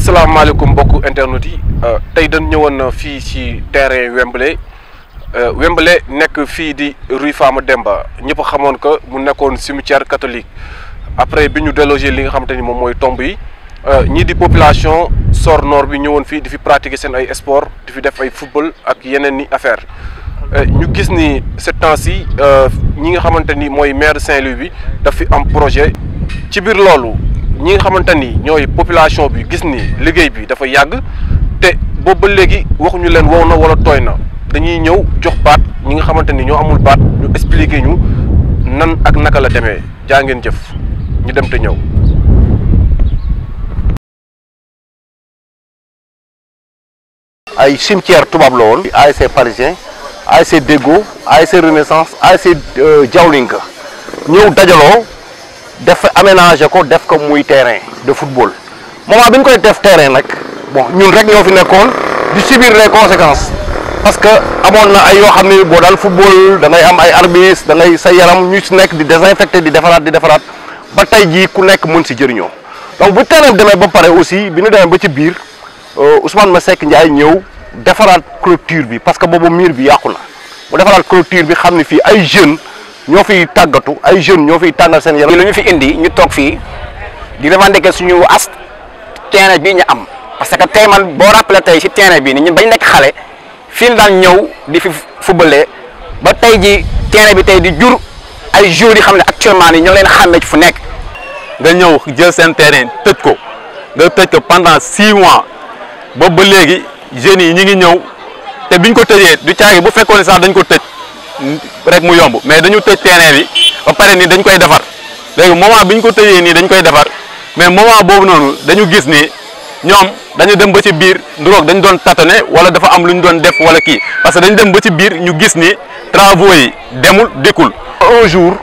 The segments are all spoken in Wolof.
asalaamaaleykum beaucoup internet yi euh, tay dañ ñëwoon fi ci terrain Wembley euh, Wembley nek fi di rue Fama Demba ñëpp xamone ko mu nekkoon cimetière catholique après biñu déloger li nga xamanteni ni moy tombe yi euh ñi di population sor nord bi ñëwoon fi di fi pratiquer sen ay sport di fi def ay football ak yenen ni affaire euh, ñu gis ni ce temps-ci ñi nga xamanteni ni maire Saint-Louis bi daf fi am projet ci bir loolu. ñi nga xamante ni ñooy population bi gis ni liggéey bi dafa yàgg te boobu ba léegi waxuñu leen wow na wala tooy na dañuy ñëw jox baat ñi nga xamante ni ñoo amul baat ñu expliquer ñu nan ak naka la demee jaa ngeen jëf ñu dem te ñëw. ay cimetière tubaab la woon. ASC parisien ASC Déggo ASC Renaissance ASC Jawlinka euh, ñëw dajaloo. def aménager ko def ko muy terrain de football moment biñ koy def terrain nak bon ñun rek fi di subir les conséquences parce que na ay yo football da ngay am ay arbitres da ngay sa yaram ñu des nekk di désinfecter di di ba tay ji ku donc bu terrain ba paré aussi bi ñu ba ci biir euh, Ousmane Ndiaye ñew clôture bi parce que boobu mur bi mu clôture bi jeunes. ñoo fiy tàggatu ay jeunes ñoo fiy tànnal seen yaram. lu ñu fi indi ñu toog fii di revendiquer suñu as terrain bi ñu am parce que tey man boo rappelé tey si terrain bi ni ñun bañ nekk xale fii daan ñëw di fi fubalee ba tey ji terrain bi tey di jur ay jours yi xam ne actuellement ni ñoo leen xàmmee ci fu nekk. nga ñëw jël seen terrain tëj ko nga tëj ko pendant six mois ba ba léegi jeunes yi ñu ngi ñëw te biñ ko tëjee du caagi bu fekkoon ne sax dañ ko tëj. rek mu yomb mais dañu tëj terrain bi ba pare nii dañ koy defar léegi moment bi ñu ko tëjee nii dañ koy defar mais moment boobu noonu dañu gis ni ñoom dañu dem ba ci biir nduroog dañu doon tatane wala dafa am lu ñu doon def wala kii parce que dañu dem ba ci biir ñu gis ni travaux yi demul dikkul. un jour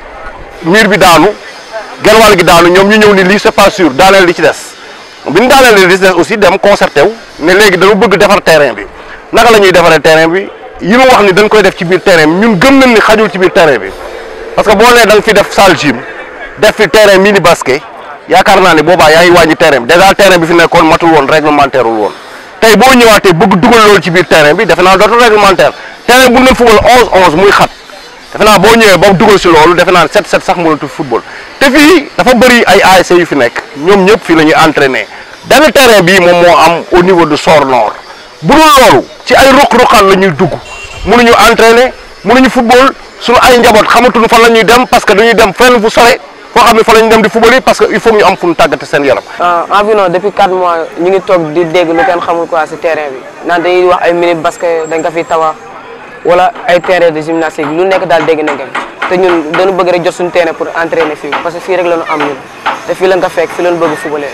mur bi daanu genn wàll gi daanu ñoom ñu ñëw nii lii c'est pas sûr daaneel li ci des bi ñu daaneel li ci des aussi dem concerté wu ne léegi dañu bëgg defar terrain bi naka la ñuy defaree terrain bi. yi mu wax ni dañ koy def ci biir terrain bi ñun gëm nañ ni xajul ci biir terrain bi parce que boo nee da nga fi def salle gym def fi terrain mini basket yaakaar naa ne boobaa yaa ngi wàññi terrain bi dèjà terrain bi fi nekkoon matul woon réglementaire wul woon tey boo ñëwaatee bëgg dugal loolu ci biir terrain bi defe naa dootul réglementaire terrain bu doon football 11 11 muy xat defe naa boo ñëwee ba dugal si loolu defe naa 7 7 sax mënatul football te fii dafa bëri ay ASC yu fi nekk ñoom ñëpp fii la ñuy entraîner benn terrain bii moom moo am au niveau du Sor Nord. budul loolu ci ay rok rokal lañuy dugg mënu ñu entraîner mënu ñu football suñu ay njabot xamatu ñu fa lañuy dem parce que dañuy dem fenn fu sore fo xamni fa lañuy dem di football parce que il faut ñu am fu ñu tàggate seen yaram. ah environ depuis 4 mois ñu ngi tok di dégg lu kenn xamul quoi ci terrain bi naan dañuy wax ay minutes basket dañ ko fi tawa wala ay terrain de gymnastique lu nekk dal dégg na ko té ñun dañu bëgg rek jox suñu terrain pour entraîner fi parce que fi rek lañu am ñun té fi lañ ko fekk fi lañ bëgg footballer.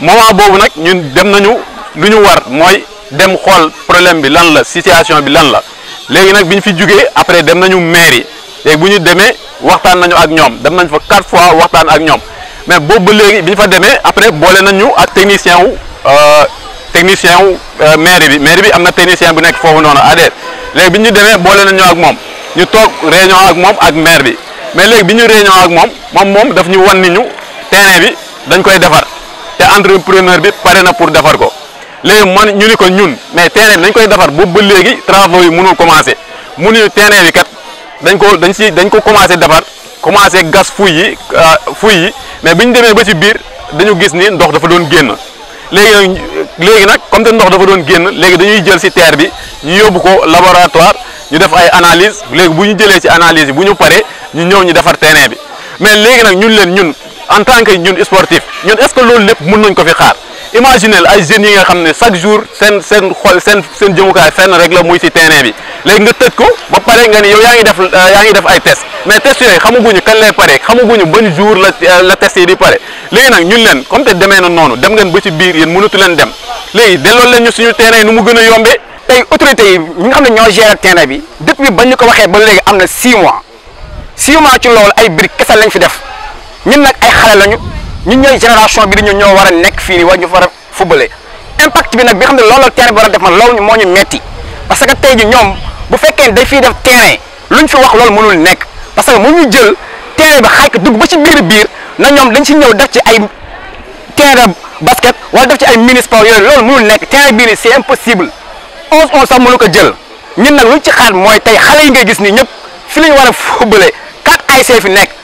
moment bobu nak ñun dem nañu luñu war moy dem xol problème bi lan la situation bi lan la léegi nak biñ fi jugee après dem nañu mairie léegi buñu démé demee waxtaan nañu ak ñom dem nañ fa 4 fois waxtaan ak ñom mais bo ba léegi biñ fa démé après boole nañu ak technicien wu euh, technicien wu euh, mairie bi mairie bi amna technicien bu nek fofu noonu ADR léegi biñu démé demee nañu ak mom ñu tok réunion ak mom ak maire bi mais léegi biñu réunion ak mom mom mom daf ñu wan ni ñu terrain bi dañ koy défar té entrepreneur bi paré na pour défar ko. léegi man ñu ni ko ñun mais terrain bi dañ koy defar boobu ba léegi travaux yi mënul commencé mu ni terrain bi kat dañ ko dañ si dañ ko commencé defar commencé gas fuy yi euh, fuy yi mais bi ñu demee ba ci biir dañu gis ni ndox dafa doon génn léegi nag léegi nag comme te ndox dafa doon génn léegi dañuy jël si terre bi ñu yóbbu ko laboratoire ñu def ay analyse léegi bu ñu jëlee ci analyse yi bu ñu paree ñu ñëw ñu defar terrain bi mais léegi nag ñun leen ñun en tant que ñun sportif ñu est-ce que loolu lépp mën nañ ko fi xaar imaginez ay jeunes yi nga xam ne chaque jour seen seen xol seen seen jëmukaay fenn rek la muy si terrain bi léegi nga tëj ko ba pare nga ni yow yaa ngi def euh, yaa ngi def ay test mais test yooyu xamaguñu kan lay pare xamaguñu ban jour la euh, la test yi di pare léegi nag ñun leen comme te demee na noonu dem ngeen ba ci biir yéen mënatu leen dem léegi delloo leen ñu suñu terrain yi nu mu gën a yombee. tey autorités yi ñu nga xam ne ñoo gérer terrain bi depuis ba ñu ko waxee ba léegi am na 6 mois 6 ci loolu ay briques kese lañ fi def ñun nag ay xale lañu. ñun ñooy génération bi dañu ñoo war a nekk fii nii war ñu war a fubale impact bi nag bi xam ne loolu la bi war a def man loolu moo ñu metti parce que tey ji ñoom bu fekkee dañ fiy def terrain luñ fi wax loolu mënul nekk parce que mu ñu jël terrain bi xaaj ko dugg ba ci biir biir na ñoom dañ si ñëw def ci ay terrain basket wala def ci ay mini sport yooyu loolu mënul nekk terrain bii nii c'est impossible onze onze sax mënu ko jël ñun nag luñ ci xaar mooy tey xale yi ngay gis nii ñëpp fi lañ war a fubale quatre ASC fi nekk.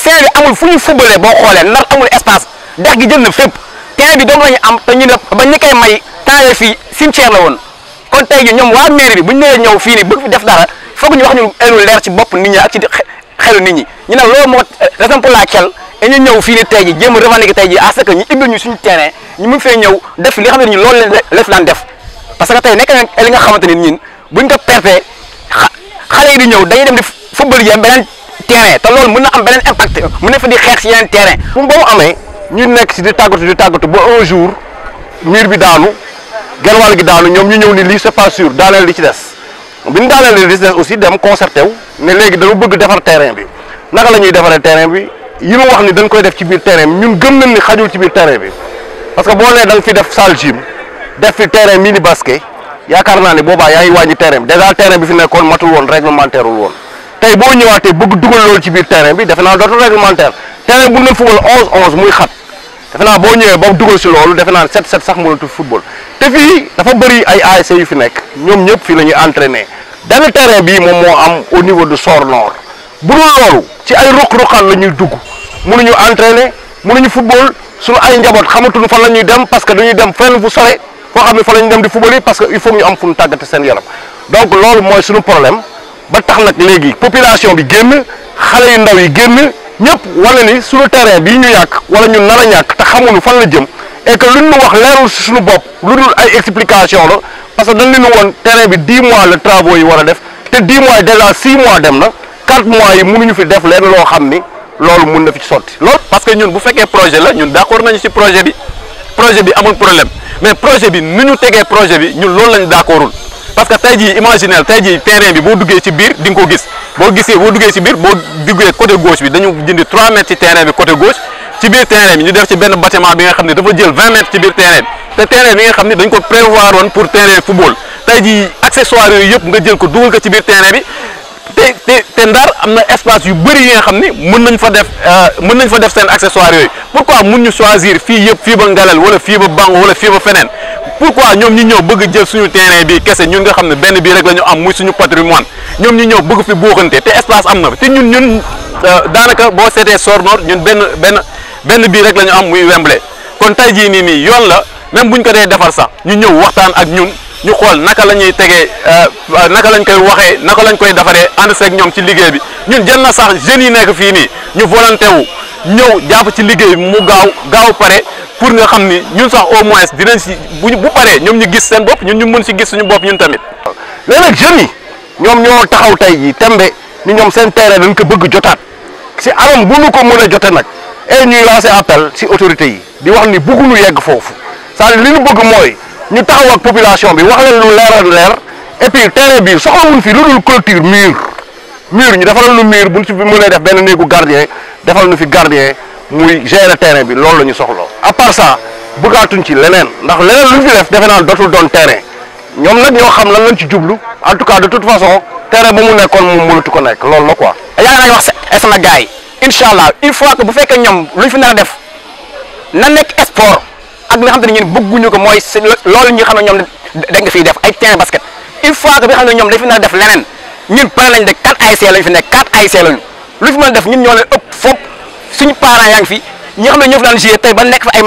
Saint-Louis amul fu ñu fubale boo xoolee ndar amul espace dex gi jël na fépp terrain bi doom lañu am te ñu ne ba ñu koy may fi fii cimetière la woon kon tey ji ñoom waa mairie bi bu ñu nee ñëw fii nii bëgg fi def dara foog ñu wax ñu elu leer ci bopp nit ñi ak ci xelu nit ñi ñu ne loolu moo raison pour laquelle ñu ñëw fii nii tey ji jéem a revendiquer tey ji à ce que ñu ibbil ñu suñu terrain ñu mun fee ñëw def li nga xam ne ñu loolu la fi daan def parce que tey nekk na li nga xamante ni ñun buñ ko perte xale yi di ñëw dañuy dem di football yi am terrain te loolu mën am benen impact mu ne fa di xex si yeneen terrain bu ba amé ñu nekk ci di tàggatu di tàggatu ba un jour mur bi daanu genn wàll gi daanu ñom ñu ñëw ni li c'est pas sûr daaneel li ci dess buñ ñu daaneel li aussi dem concerté wu ne légui dañu bëgg défar terrain bi naka lañuy défaré terrain bi yi mu wax ni dañ koy def ci biir terrain ñun gëm nañ ni xajul ci biir terrain bi parce que bo lé dañ fi def salle gym def fi terrain mini basket yaakaar naa ni boobaa yaa ngi wàññi terrain bi déjà terrain bi fi nekkoon matul woon réglementaire won. woon. tay bo ñëwaatee bëgg duggal lool ci biir terrain bi defena doto réglementaire terrain bu ne football 11 11 muy xat defena bo boo ñëwee ba dugal si loolu defena 7 7 sax mu mënatul football té fi dafa bari ay ASC yu fi nek ñom ñëpp fi lañuy entraîner benn terrain bi moom mo am au niveau de sort Nord bu dul loolu ci ay rok rokal lañuy dugg dugg ñu entraîner ñu football suñu ay njabot xamatuñu fa lañuy dem parce que dañuy dem fenn bu sore ko xamni fa lañuy dem di football yi parce que il faut ñu am fuñu ñu tàggate seen yaram donc loolu moy suñu problème. ba tax nag léegi population bi génn xale yu ndaw yi génn ñëpp wala ni suñu terrain bii ñu yàq wala ñun na a ñàkk te xamuñu fan la jëm et que luñ ñu wax leerul si suñu bopp lu dul ay explication la parce que dañ leen woon terrain bi 10 mois la travaux yi war def te 10 mois déjà 6 mois dem na 4 mois yi mu ñu fi def leen loo xam ni loolu mun na fi sotti loolu. parce que ñun bu fekkee projet la ñun d'accord nañu si projet bi projet bi amul problème mais projet bi nu ñu tegee projet bi ñun loolu lañu d'accordul parce que tey jii imaginel tey jii terrain bi boo duggee ci biir di nga ko gis boo gisee boo duggee ci biir boo duggee côté gauche bi dañu jëndi 3 mètres ci terrain bi côté gauche ci biir terrain bi ñu def ci benn bâtiment bi nga xam ne dafa jël mètres ci biir terrain bi te terrain bi nga xam ne dañ ko prévoir woon pour yëpp nga jël ko dugal bi te te te Ndar am na espace yu bëri yi nga xam ni mën nañ fa def euh, mën nañ fa def seen accessoire yooyu pourquoi mun ñu choisir fii yëpp fii ba Ngalal wala fii ba Bango wala fii ba feneen pourquoi ñoom ñu ñëw bëgg jël suñu terrain bi kese ñun nga xam ne benn bii rek la am muy suñu patrimoine ñoom ñu ñëw bëgg fi buuxante te espace am na te ñun ñun euh, daanaka boo seetee Sornoor ñun benn benn benn bii rek la ñu am muy wemble kon tey jii nii nii yoon la même bu ñu ko dee defar sax ñu ñëw waxtaan ak ñun ñu xool naka la ñuy tegee euh, naka lañ koy waxee naka lañ koy defaree ànd seeg ñoom ci liggéey bi ñun jël na sax jeunes yi nekk fii nii ñu volonté wu ñëw jàpp ci liggéey mu gaaw gaaw pare pour nga xam ni ñun sax au moins dinañ si bu bu paree ñoom ñu gis seen bopp ñun ñu mën si gis suñu bopp ñun tamit. léegi nag jeunes yi ñoom ñoo taxaw tey jii tembe ni ñoom seen terrain dañ ko bëgg jotaat si anam bu nu ko mën a jote nag et ñuy lancé appel si autorités yi di wax ni bëgguñu yegg foofu c'est-à-dire li ñu bëgg mooy ñu taxaw ak population bi wax leen lu leer a leer et puis terrain bi soxlawuñ fi lu dul clôture mur mur ñu defal lu mur buñ si mënee def benn néegu gardien defal nu fi gardien. muy gérer terrain bi loolu lañu soxlo soxla à part ça bëggaatuñ ci lenen ndax lenen lu ñu fi def defe naa dootul doon terrain ñom nak ñoo xam lan lañ ci djublu en tout cas de toute façon terrain bu mu nekkoon mu mënatu ko nekk loolu la quoi. yaa ngi wax est na gaay inshallah une fois que bu fekkee ñom lu fi na def na nekk sport ak nga xam ne ñun bëgguñu ko moy si loolu ñi xam ñom ñoom nga fi def ay terrain basket une fois que bi xam ñom ñoom fi na def lenen ñun paré lañ de 4 ASC lañ fi nekk 4 ASC lañu lu fi mëna def ñun ñoo leen ëpp fop suñu parents yaa ngi fi ñi xam ne ñoo fi daan joué tey ba nekk fa ay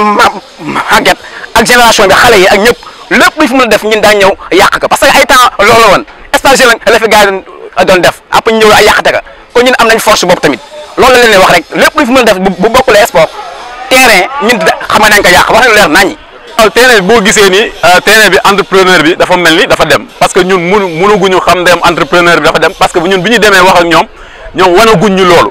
màgget ak génération bi xale yi ak ñëpp lépp lu fi mun a def ñun daa ñëw yàq ko parce que ay temps loolu woon stage lañ la fi def après ñu ñëw ay yàqate ka kon am nañ force bopp tamit loolu la leen wax rek lépp lu fi mën a def bu bokkule sport terrain ñun xam nañ ko yàq wax na leer naññi waaw boo gisee ni euh, terrain bi entrepreneur bi dafa mel ni dafa dem parce que ñun munu mënaguñu xam ndem entrepreneur bi dafa dem parce que ñun bi ñu demee wax ak ñoom ñoom wanaguñ ñu loolu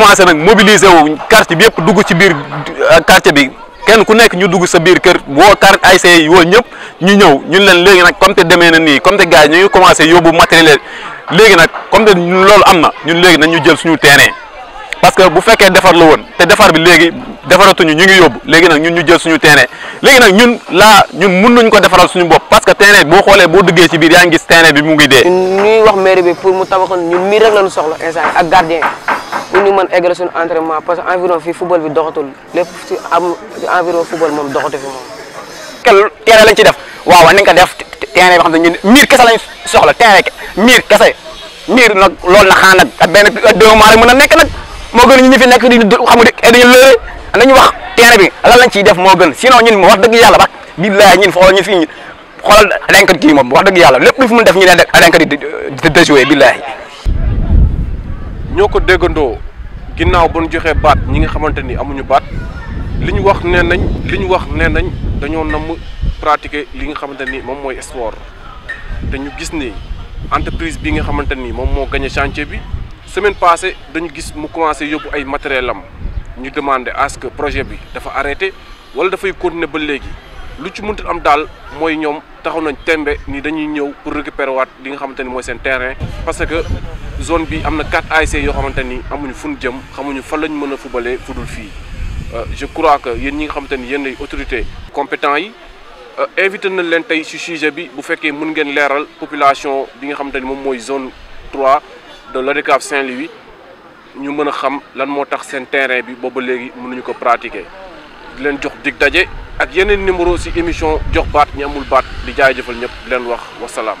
commencé nag mobiliser wu quartier bi yëpp dugg ci biir euh, quartier bi kenn ku nekk ñu dugg sa biir kër woo carte ay see woo ñëpp ñu ñëw ñun leen léegi nag comme te demee na nii comme te gars yi ñu ngi commencé yóbbu matériel léegi nag comme te loolu am na ñun léegi nañ ñu jël suñu terrain parce que bu fekkee defar la woon te defar bi léegi defaratuñu ñu ngi yóbbu léegi nag ñun ñu jël suñu terrain léegi nag ñun laa ñun mun nañ ko defaral suñu bopp parce que terrain boo xoolee boo duggee ci biir yaa ngi gis terrain bi mu ngi dee. ñun ñuy wax mairie mu tabaxoon ñun mii rek la ñu soxla instant ak gardien pour ñu mën eggale suñu entraînement parce que environ fii football bi doxatul lépp si am environ football moom doxatu fi moom. kel terrain lañ ci def waaw nañ ko def terrain boo xam ne ñun miir kese lañ soxla terrain miir loolu na xanaa nag ak benn ak deux mois rek mën nekk nag moo gën ñu fi nekk di xamu dañu lëre nañu wax terrain bi lan lañ ciy def moo gën sinon dëgg yàlla wax billaay ñun kii moom wax dëgg yàlla lépp lu fi mun def ñu ne renkat di déjoué billaay ñoo ko déggandoo ginnaaw ba ñu joxee baat ñi nga xamante ni amuñu baat li ñu wax nee nañ li ñu wax nee nañ dañoo namm pratiquer li nga xamante ni moom mooy sport dañu gis ni entreprise bi nga xamante ni moom moo gagné chantier bi semaine passée dañu gis mu commencé yóbbu ay matériel am ñu demandé à que projet bi dafa arrêté wala dafay continuer ba léegi lu ci mënta am daal mooy ñoom taxaw nañ tembe ni dañuy ñëw pour récupérer waat li nga xamante ni mooy seen terrain parce zone bi amna 4 ASC yo xamanteni amuñu fuñu jëm xamuñu fa lañ mëna footballé fubalee fudul fii euh, je crois que yeen ñi nga xamanteni yeen ay autorités compétents yi euh, invité na leen tay ci sujet bi bu fekké mën ngeen leeral population bi nga xamanteni mom moy zone 3 de l'ODCAV Saint-Louis ñu mëna xam lan mo tax sen terrain bi booba légui mënuñu ko pratiquer di leen jox dig dajé ak yeneen numéro ci émission jox baat ñi amul baat di jaay jëfël ñëpp di leen wax wasalaam